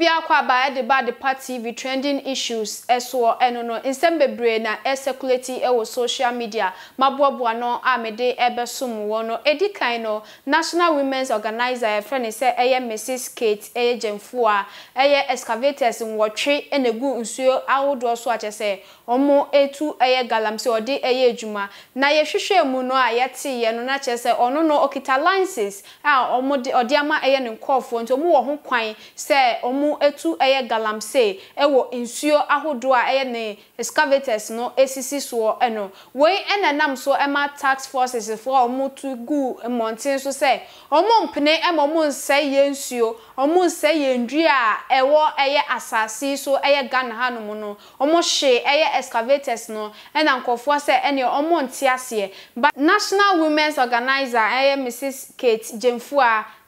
bi akwa abaa de ba de party, tv trending issues ɛso ɛno no nsɛm bebree na ɛsɛkulati ɛwɔ social media maboaboa no a mede ɛbɛsom wɔ no edi kan no national women's organizer ɛfrɛ ne sɛ ɛyɛ mrs kate ɛyɛ gyɛmfo a ɛyɛ excavators nwɔtwe ɛna egu nsuo ahodoɔ so akyɛ sɛ wɔn etu ɛyɛ galamsey ɔde ɛyɛ adwuma na yɛhwehwɛ mu no a yɛte yɛ no na kyerɛ sɛ ɔno no okita lances a wɔde ɔde ama ɛyɛ ne nkɔɔfoɔ nti wɔn wɔ ho kwan sɛ wɔn ho etu eye galamse, ewo nsuo ahodo a eye ne excavators no esisi so eno we enenam so ema tax forces fo omotu gu monten so se omo mpene ema omo nsɛ ye nsuo omo nsɛ ye ndua ewo eye asasi so eye Ghana hanom no omo hye eye excavators no ena nkofo se ene omo But national women's organizer eye Mrs Kate Jemfua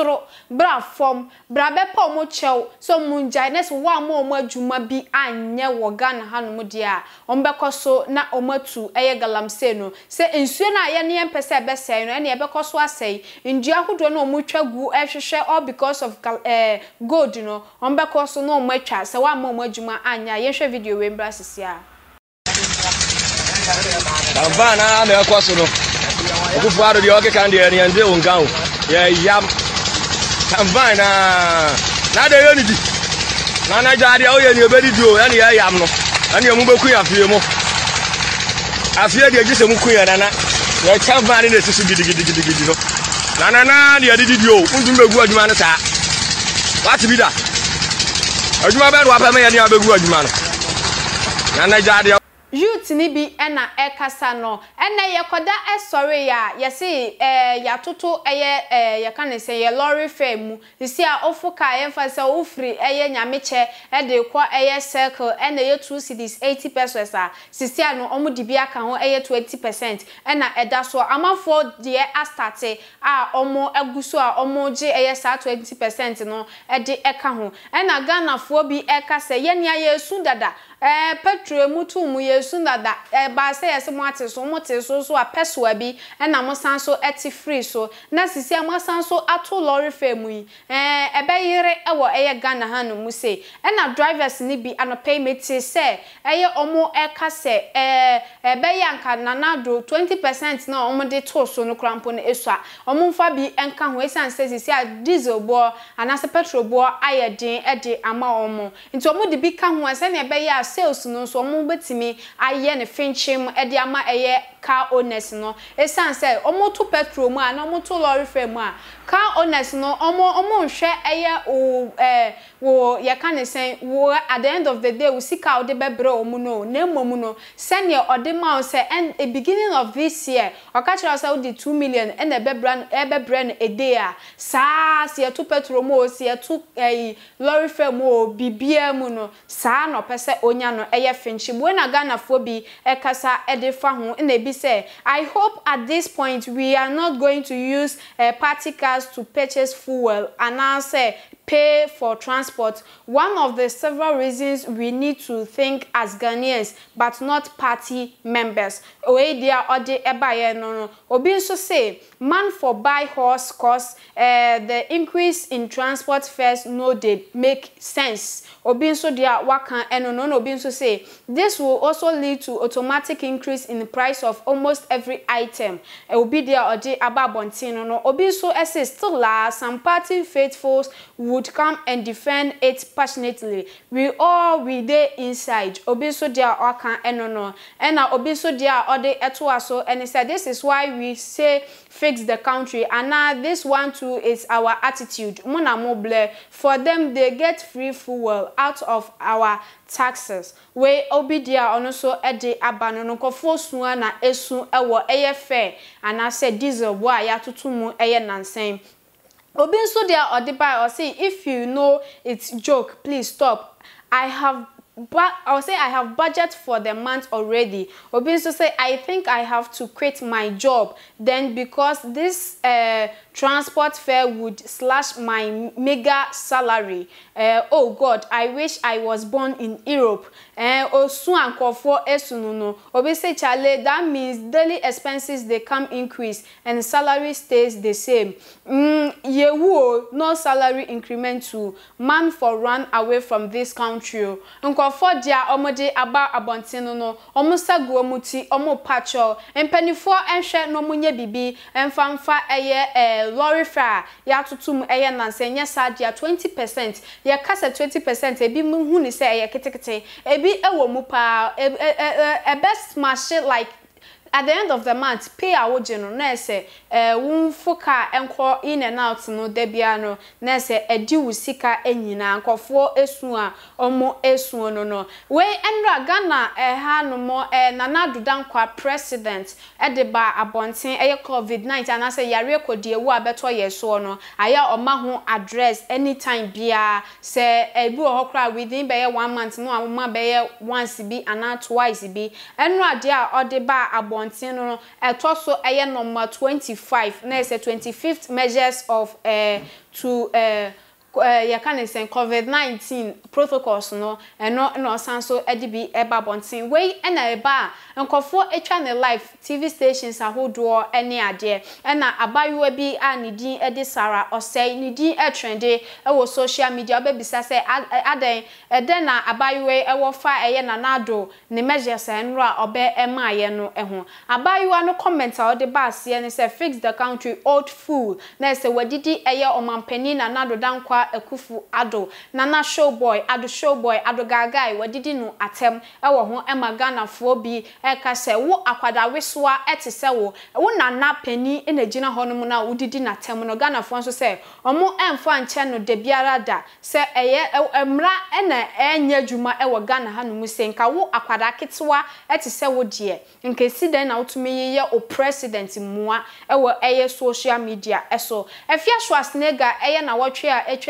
soro bra fam bra bɛpɛ ɔmo kyɛw sɛ na sɛ wɔn a ɔmo ɔmo adwuma bi anyɛ wɔ ghana hanom deɛ a ɔmo bɛkɔ so na ɔmo atu ɛyɛ galamsey no sɛ nsuo no a yɛn yɛn mpɛ sɛ ɛbɛsɛe no ɛna yɛbɛkɔ so asɛe ndua ahodoɔ no ɔmo gu ɛhwehwɛ all because of ɛɛ eh, gold no ɔmo bɛkɔ na ɔmo atwa sɛ wɔn a adwuma anyɛ a yɛhwɛ video wei mbra sisi a. Avana amekwa sono. Okufu aro dio ke kandi yani ndio ngao. Ya yam I'm fine naa na de yɛ nidi na anagya adeɛ woyɛ nea ɛbɛdidi o ɛne yɛyam no ɛne mu bɛku yɛ afie mu afie deɛ gye sɛ mu ku yɛ nana yɛkyɛ van ne na ɛsi so gidigidigidigidi no na nana deɛ ɛdedidi o wontum bɛgu adwuma no saa wate bi da adwuma bɛne wapɛ ma yɛne a bɛgu adwuma no na anagya adeɛ youth ni bi ɛna ekasa no ɛna yɛkɔda ɛsɔre yɛ a yɛsi ɛɛ yɛatoto ɛyɛ ɛɛ yɛka ne sɛ lori mu a ofu kaa yɛmfa sɛ ofiri ɛyɛ nyamekyɛ circle ɛna two cities eighty pesos a sisi a no aka ho ɛyɛ 20% deɛ astate a a saa no ho bi eh petro emutu mu yesu dada eh ba se yesi mu ate so mu te so so a pesua bi eh na mu san so eti free so na sisi ama san so ato lorry fam yi eh ebe yire ewo eye Ghana ha no mu se eh na drivers ni bi anope meti se eye eh, omo eka eh, se eh ebe ya nka nanado 20% na omo de to so no krampo na esua omo mfa bi enka ho esan se sisi a diesel bo anase petrol bo ayedin e de ama omo nti omo de bi ka ho se na ebe ya sales no nso ɔmo betumi ayɛ ne finkyim ɛde ama ɛyɛ car owners no ɛsiane sɛ ɔmoto petrol mu a na ɔmoto lɔre frɛ mu a car owners no ɔmo ɔmo nhwɛ ɛyɛ wo ɛɛ wo yɛka ne sɛn wo at the end of the day we see sika a wɔde bɛbrɛ wɔn no na mmom no sɛnea ɔde ma wo sɛ ɛn the beginning of this year ɔka kyerɛ sɛ the two million ɛna ɛbɛbrɛ ɛbɛbrɛ no ɛde a saa si yɛto petrol mu o si yɛto ɛyi lɔre frɛ mu o bibia mu no saa na ɔpɛ sɛ onya no ɛyɛ finchi bu ɛna ghanafoɔ bi ɛkasa ɛde fa ho ɛna be i hope at this point we are not going to use uh, eh, party cars to purchase fuel and now say pay for transport. One of the several reasons we need to think as Ghanaians, but not party members. Oye dia ode ebaye no no. Obi nso say, man for buy horse costs. uh, eh, the increase in transport fares no they make sense. Obin so dia waka eno no no. Obi nso say, this will also lead to automatic increase in the price of almost every item. Eh, Obi dia ode ababontin no no. Obi nso e say, still uh, some party faithfuls would would come and defend it passionately we all we there inside obi nso deɛ a ɔka ɛno no ɛna obi nso deɛ a ɔde ɛto aso ɛne sɛ this is why we say fix the country And now this one too is our attitude Muna na for them they get free fuel out of our taxes wei obi deɛ a ɔno nso ɛde aba no no nkɔfoɔ sua na esu ɛwɔ I fɛ anaasɛ diesel bo a yɛatoto mu ɛyɛ nansɛn obi nso deɛ ɔde baa ɔsi if you know it's joke please stop i have but I will say I have budget for the month already. Obi so say I think I have to quit my job then because this uh, transport fare would slash my mega salary. Uh, oh God, I wish I was born in Europe eh, osun ankofo esunu no obi say chale that means daily expenses dey come increase and salary stays the same mm, yewu o no salary increment to man for run away from this country o nkofo dia omo de aba abonten no omo saguo mu ti omo pacho mpanifo enhwe no munye bibi emfamfa eye eh, lorry fare ya tutum eye nanse nya sadia 20% ye kasa 20% ebi mu hu ni say eye kitikite ebi ebi ɛwɔ mu paa ɛbɛ smash like at the end of the month pay a wogye no na ɛsɛ ɛɛ eh, wumfo kaa ɛnkɔ in and out no debia no na ɛsɛ ɛdi wo sika ɛnyinaa nkɔfoɔ esu a ɔmo esu no no wei ɛnura ghana ɛha no mo eh, nana adodankwa president ɛde ba abɔnten ɛyɛ covid nineteen anaasɛ yare kodie wo abɛtɔ yɛ soɔ no ayɛ ɔma ho address anytime biara Se, eh, ɛbi wɔ hɔ koraa within bɛyɛ one month no a ɔma once bi anaa twice bi Enra dia a ɔde ba abɔnten no no ɛtɔ so ɛyɛ number twenty five na ɛsɛ twenty fifth measures of uh, to. Uh, Eh, yɛka ne sɛn covid-19 protocols no ɛno na ɔsan so de bi ɛba abɔnten wei na ɛba a nkɔfoɔ atwa ne live tv stations ahodoɔ ne adeɛ ɛna abayewa bi a ne din de sara ɔsɛe ne din ɛtrɛnde wɔ social media ɔbɛbisa sɛ adɛn ɛdɛn na abayewa ɛwɔ fa ɛyɛ nanado ne measures ɛnoro a ɔbɛ ɛmaayɛ no ho abayewa no comment a ɔde ba aseɛ ne sɛ fix the country old fool na ɛsɛ wadidi ɛyɛ ɔmampanin nanado dankwa Nana Ekufu Ado, Nana Showboy, Ado Showboy, Ado Gagai, wadidi no atem ewo ho ema Ghana fo bi eka se wo akwada wesoa ete se wo. Wo nana pani ene gina ho no na wodidi na atem no Ghana fo nso se omo emfa nche no de biara da se eye emra ene enye adwuma ewo Ghana ha no se nka wo akwada ketewa ete se wo de. Nke si den na wotumi yeye o president mua ewo eye social media eso. Efia Schwarzenegger eye na wotwe a etwe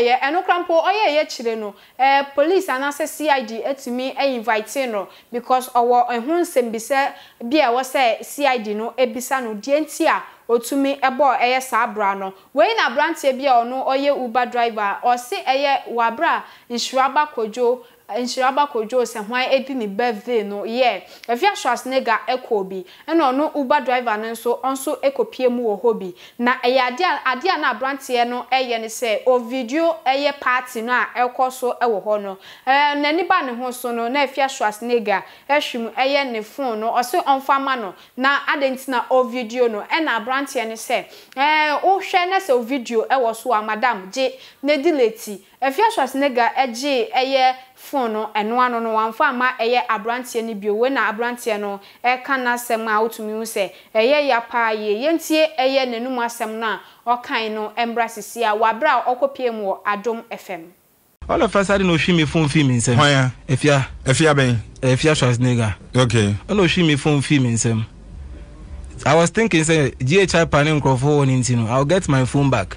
yɛ ɛno kora mpo ɔyɛ yɛ kyerɛ no ɛɛ police anaasɛ cid etumi ɛinvite no because ɔwɔ ɛho nsɛmbisa bi a ɛwɔ sɛ cid no ebisa no deɛ nti a otumi ɛbɔ ɛyɛ saa abra no wei na aberanteɛ bi a ɔno ɔyɛ uber driver ɔsi ɛyɛ wabra nhyiraba kodwo nhyira bakɔdwo sɛ hwan edi ne birthday no yɛ ɛfi Schwarzenegger ɛkɔ bi ɛna ɔno uber driver no nso ɔnso ɛkɔpie mu wɔ hɔ bi na ɛyɛ adeɛ adeɛ na aberanteɛ no ɛyɛ ne sɛ video ɛyɛ party no a ɛkɔ so ɛwɔ hɔ no ɛɛ n'ani ba ne ho so no na ɛfi Schwarzenegger ɛhwim ɛyɛ ne phone no ɔsɛ ɔmfa ma no na adeɛ nti na video no ɛna aberanteɛ no sɛ ɛɛ wohwɛ na sɛ video ɛwɔ so a madam gye ne di leti ɛfi Schwarzenegger ɛgye ɛyɛ phone no ɛno ano no wamfa ama ɛyɛ aberanteɛ no bio wei na aberanteɛ no na n'asɛm a otu hu sɛ ɛyɛ ya paa yie yɛntie ɛyɛ n'anum asɛm no na ɔkan no mmra sisi a wabra a ɔkɔpie mu adom fm all of a sudden ohwi mi phone fi mi nsɛm hwan ya efia efia ben efia schwarzenegger okay ɔna ohwi phone fi mi i was thinking say ghi pa ne nkurɔfoɔ wɔ ne i will get my phone back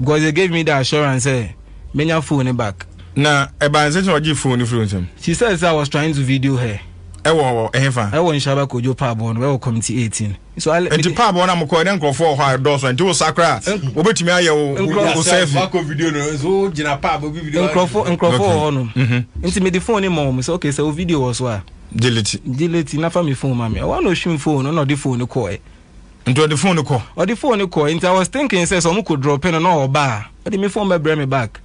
because they gave me the assurance say menya phone back na ɛba nsɛ kyɛ ɔgye phone firi nsɛm she said i was trying to video her ɛwɔ ɛhɛ fa ɛwɔ nhyaba kojo paabɔ no ɛwɔ committee eighteen. so ale nti paabɔ na mokɔ ne nkurɔfoɔ wɔ hɔ a ɛdɔɔso nti wo sakra eh, eh, wobɛtumi ayɛ wo sɛfi nkurɔfoɔ wɔ hɔ no mhm. nti mede phone ne ma wɔ mu sɛ okay sɛ wo video wɔ so a delete delete na fa me phone ma me ɔwa na ɔhwim phone no na ɔde phone kɔɛ nti ɔde phone kɔ ɔde phone kɔ nti i was thinking sɛ sɛ ko kɔ drɔpe no na ɔba a ɔde me phone me back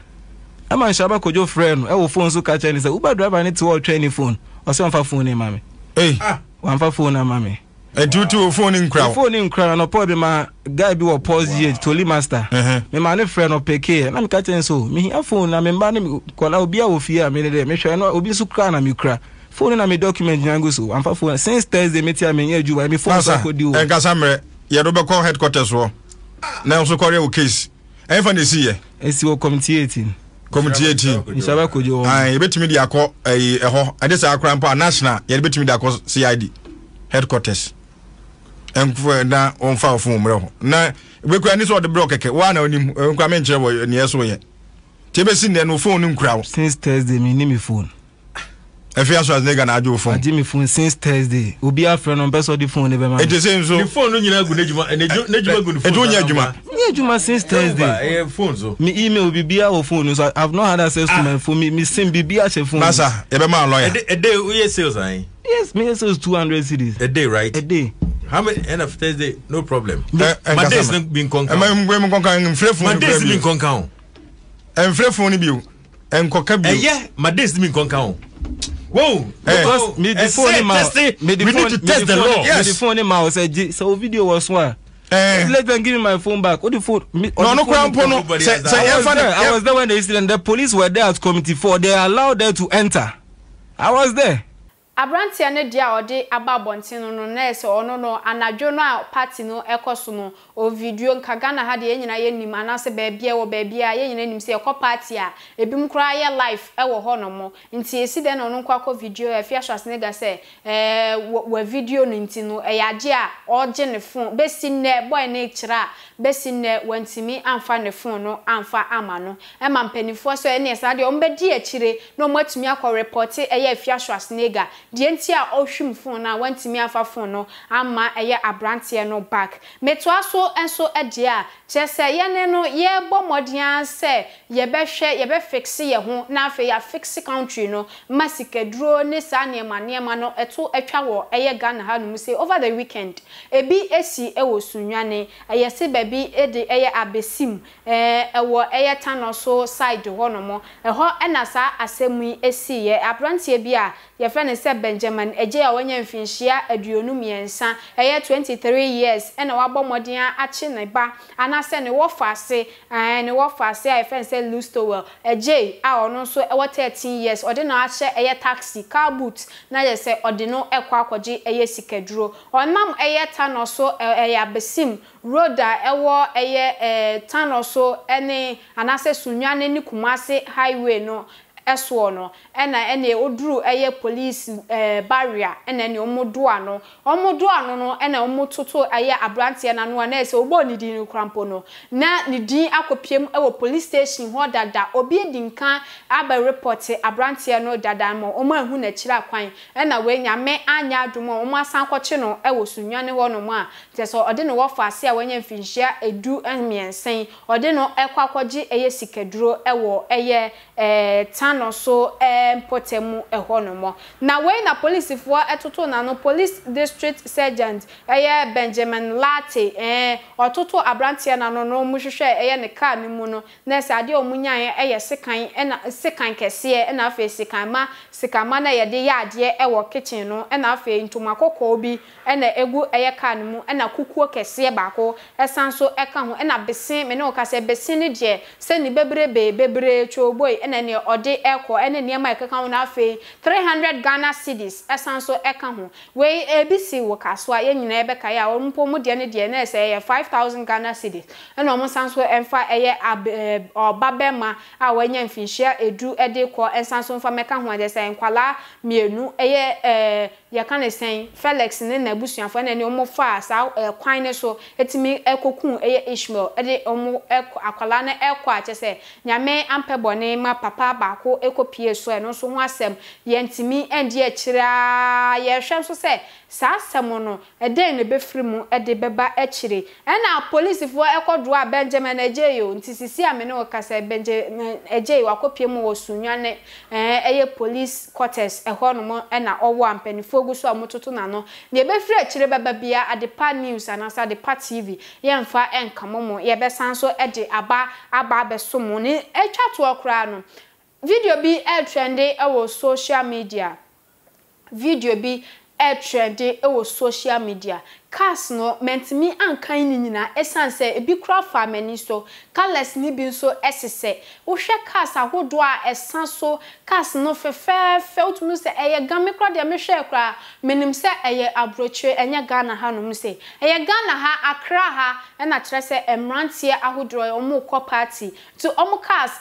ama nhyɛba kojo frɛ no ɛwɔ phone so ka ne sɛ uber driver ne te hɔ ɔtwɛn ne phone ɔsɛ ɔmfa phone ne ma me ei ah. wamfa phone ama me ɛtutu wɔ phone nkura wɔ phone nkura no pɔl bi ma guy bi wɔ pause yie toli master mema ne frɛ no peke na meka kyerɛ nso mehia phone na memba ne kɔla obi a wɔ fie a mene dɛ mehwɛ no obi so kura na mekura phone na mi document nyina gu so amfa phone since thursday meti a menyɛ adwuma me phone so akɔdi wo ɛnkasa mmerɛ yɛde wobɛkɔ headquarters wɔ na nso kɔrɛ wo case ɛmfa na ɛsi yɛ ɛsi wɔ committee 18 committee eighteen nsaba kojú wọn. ayi ebetumi de akɔ ɛyi eh, ɛhɔ ɛde saa national yɛde betumi de akɔ cid headquarters ɛnkufo eh, na wɔn fa ɔfun wɔn hɔ na ebekura ni sɛ ɔde brɛ ɔkɛkɛ wɔn na onim eh, nkura mi nkyerɛ wɔ nea ɛso yɛ tebe si no phone nkura wo. since thursday mi ni mi phone ɛfi aso ase ne gana adwo phone. agye mi phone since thursday obi afrɛ no mpɛ di phone ne bɛ ma. ete se nso. ni phone no nyinaa gu ne juma ne juma gu ne phone. etu nyɛ juma. n yɛ juma since thursday. ɛyɛ eh, phone so. mi email bibiya wɔ phone so i have not had access to ah. my phone mi mi sim bibiya hyɛ phone. masa yɛ bɛ maa lɔya. ɛde ɛde o ye sales anyi. yes mi ye sales two hundred series. a day right. a day. how many end of thursday no problem. my days bin kɔn kan. ɛmɛ n kɔn kan nfilɛ phone. my days bin kɔn kan o. ɛnfilɛ phone bi o ɛnkɔkɛ bi o. ɛyɛ my days bin kɔn kan o. Whoa! wow because eh. me the phone ma me the to test the phone yes. me the phone ma o sɛ je sɛ o video wɔ so a. Uh, let them give me my phone back. What the phone? Me, no, no, phone no. no. Se, se, I, was there. I was there when the incident. The police were there at committee four. They allowed them to enter. I was there. aberanteɛ no deɛ a ɔde aba abɔnten no no na ɛsɛ ɔno no anadwo no party no ɛkɔ so no ovidio nka ghana ha deɛ yɛn nyinaa yɛnim anaasɛ baabi a ɛwɔ baabi a yɛn nyinaa nim sɛ ɛkɔ party a ebinom koraa yɛ live ɛwɔ hɔ nom nti esi dɛ na ɔno nkɔ akɔ video ɛfi ahyɛ asenega sɛ ɛɛ wɔ wɔ video no nti no ɛyɛ ade a ɔregye ne phone besi nnɛ boy ne kyerɛ a besi nnɛ wɔntumi amfa ne phone no amfa ama no ɛma mpanimfoɔ so ɛne ɛsa deɛ ɔmo bɛdi akyire na ɔmo atumi akɔ report ɛyɛ ɛfi ahyɛ asenega deɛ nti a ɔhwim phone no a wantumi afa phone no ama ɛyɛ aberanteɛ no back metoa so nso deɛ a kyerɛ sɛ yɛne no yɛbɔ mmɔden sɛ yɛbɛhwɛ yɛbɛfikse yɛ ho na afei yɛafikse country no ma sikaduro ne saa nneɛma nneɛma no ɛto atwa wɔ ɛyɛ ghana hanom sɛ over the weekend ebi esi ɛwɔ sunwane ɛyɛ se baabi ɛde ɛyɛ abesim ɛɛ ɛwɔ ɛyɛ tano so side hɔnom ɛhɔ ɛna saa asɛm yi esi yɛ aberanteɛ bi a yɛfrɛ ne sɛ Benjamin Eje a wanya mfinhyia 23 twenty 23 years ena wabɔ modern achi ne ba anase ne a eh ne wofase a nse se Lustowell Eje a ono so thirteen years ode na ahye eye taxi car boot na ye se ode no ekwa akwaje eye sikaduro eye ta so eye abesim road a ewo eye eh ta so anase sunwa kumase highway no ɛsoɔ no ɛna ɛna oduru ɛyɛ polisi ɛɛ eh, barrier ɛna ɛna ɔmo do ano ɔmo do ano no ɛna ɔmo toto ɛyɛ aberanteɛ n'ano a nɛɛsɛ ɔbɔ ne din no kurampo no na ne din akɔpiem ɛwɔ police station hɔ dada obi edi nka aba report dada mo ɔmo ehu akwan anya adum a ɔmo asan kɔkye no ɛwɔ a ano so eh, mpɔtɛmu ɛhɔ eh, no mɔ eh, na wei na polisifoɔ na n'ano police district sergeant ɛyɛ benjamin late ɛɛ ɔtoto aberanteɛ n'ano na wɔn hwehwɛ ɛyɛ ne kaa ne mu no na ɛsɛ adeɛ wɔn nyaeɛ ɛyɛ sekan ɛna sekan afi ɛna afei sekanma sekanma na yɛde e adeɛ ɛwɔ kitchen no ɛna afei ntoma kɔkɔɔ bi ɛna egu ɛyɛ kaa ne mu na kukuo kɛseɛ baako ɛsan so ɛka ho ɛna besin mene wɔkasa besin ne deɛ sɛ ne bebrebe bebree twɛ oboe na neɛ ɔde ɛkɔ ɛne nneɛma ɛkeka ho na three hundred ghana cedis ɛsan so ɛka ho wei ebi si wɔ kasoa yɛn nyinaa ɛbɛka yɛ a wɔn mpo mu deɛ ne deɛ na ɛsɛ ɛyɛ eh, five thousand ghana cedis ɛna wɔn san so ɛmfa ɛyɛ eh, ab ɛɛ eh, ɔba bɛrima a wɔanya mfinhyia edu ɛde kɔ ɛsan so mfa mɛka ho ɛde sɛ nkwalaa mmienu ɛyɛ ɛɛ yɛka ne sɛn felix ne n'abusuafoɔ ne ne wɔn fa saa ɛkwan ne so etimi ɛkokun ɛyɛ ishmael ɛde wɔn ɛkɔ akwadaa no ɛkɔ akyɛ sɛ nyame ampɛ bɔne ma papa baako ɛkɔ pie so ɛno nso ho asɛm yɛntimi ɛndi akyire yɛhwɛ nso sɛ sa asɛm no ɛdɛn na ebɛfiri mu ɛde bɛba akyire ɛna polisifoɔ ɛkɔdoɔ a benjamin agyeyi o nti sisi a mene wɔ kasa benjamin agyeyi wakɔpie mu wɔ sunyane ɛɛ police quarters ɛhɔnom ɛna ɔwɔ a mpanimfoɔ gu so a wɔtoto n'ano deɛ ebɛfiri akyire beba bia adepa news anaasɛ adepa tv yɛmfa ɛnkamo mo yɛbɛsan so ɛde aba aba abɛso mu ne ɛtwa toɔ koraa no video bi ɛɛtrɛnde ɛwɔ social media video bi trending ɛɛtrɛnde ɛwɔ social media cars no mentimi ankan ni nyina esan sɛ ebi kura fa mani so colors bi nso ɛsesɛ wohwɛ cars ahodoɔ a ɛsan so cars no fɛfɛɛfɛ wotumi sɛ ɛyɛ game kura deɛ mehwɛ kura menim ya ɛyɛ ha nom sɛ ɛyɛ ghana ha akra ha ɛna kyerɛ sɛ mmeranteɛ party cars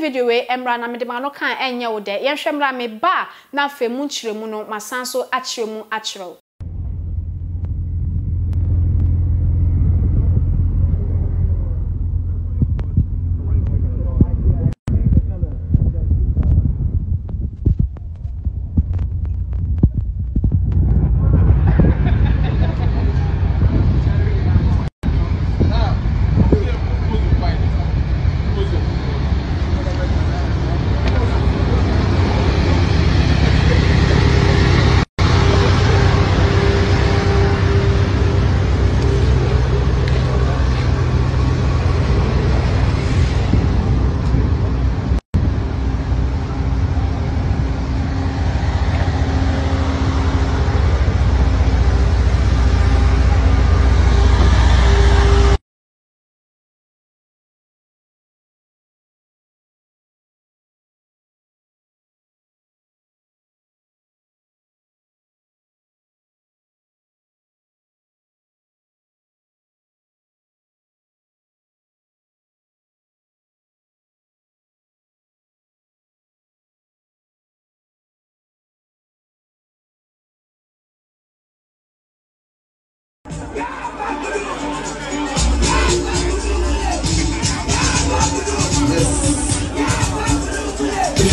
video na no me ba na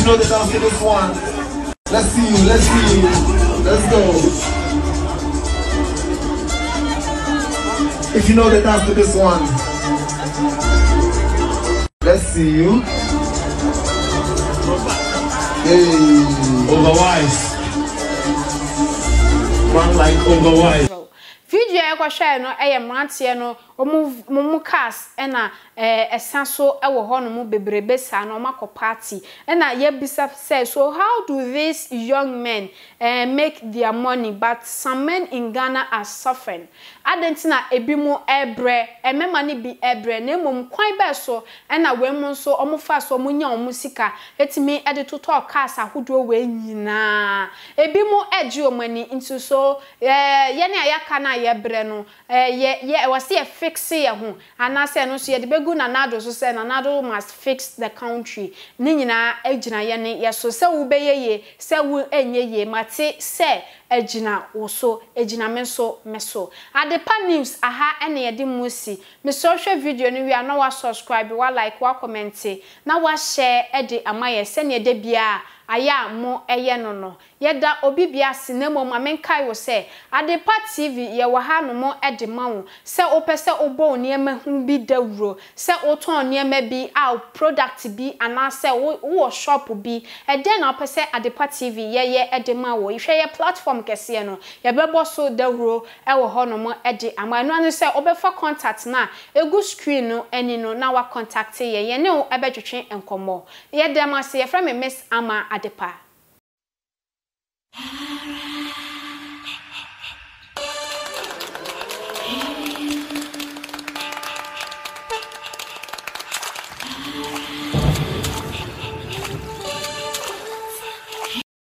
know the dance to this one. Let's see you, let's see you. Let's go. If you know the dance to this one. Let's see you. Hey. Overwise. Run like overwise. Video ɛkɔhwɛ no ɛyɛ eh, mmeranteɛ no ɔmo mo cars ɛna eh, Eh, ɛsa so ɛwɔ hɔnom bebrebe saa na ɔmo party ɛna yɛbisa sɛ so how do these young men uh, make their money but some men in ghana are suffering adan ti na ebi mu ɛbrɛ ɛmɛma eh, ne bi ɛbrɛ na emom kwan bɛɛ so ɛna wɔn mu nso ɔmo fa so ɔmo nya ɔmo sika etimi ɛde totɔ cars ahodoɔ wɔn nyinaa ebi mu ɛgye wɔn ani nti so ɛɛ yɛn a yɛaka na yɛbrɛ no ɛɛ yɛ yɛ ɛwɔ se yɛ fixe yɛ ho anaasɛ ɛno so yɛde bɛ egu nanado so sɛ nanado must fix the country ne nyinaa egyina yɛ ne yɛ so sɛ wobɛyɛ yie sɛ wo enye yie mate sɛ egyina wo so egyina me so me so adepa news aha ɛna yɛde mu si me sɔhwɛ video no wia na wa subscribe wa like wa comment na wa share ɛde ama yɛ sɛ ne ɛde biara aya mo ɛyɛ no no yɛda obi bia se na mmom ma menkae wo sɛ adepa tv yɛwɔ ha no mo ɛde ma wo sɛ wopɛ sɛ wobɔ wo nneɛma ho bi dawuro sɛ wotɔn nneɛma bi a product bi anaasɛ wowɔ shop bi ɛdɛn na wopɛ sɛ adepa tv yɛyɛ ɛde ma wo ihwɛ platform kɛseɛ no yɛbɛbɔ so dawuro ɛwɔ hɔ no mo ɛde ama ɛno ano sɛ wobɛfa contact na egu screen no ani no na wa contact yɛ yɛne wo ɛbɛtwetwe nkɔmmɔ yɛdɛm se yɛfrɛ me miss ama adepa.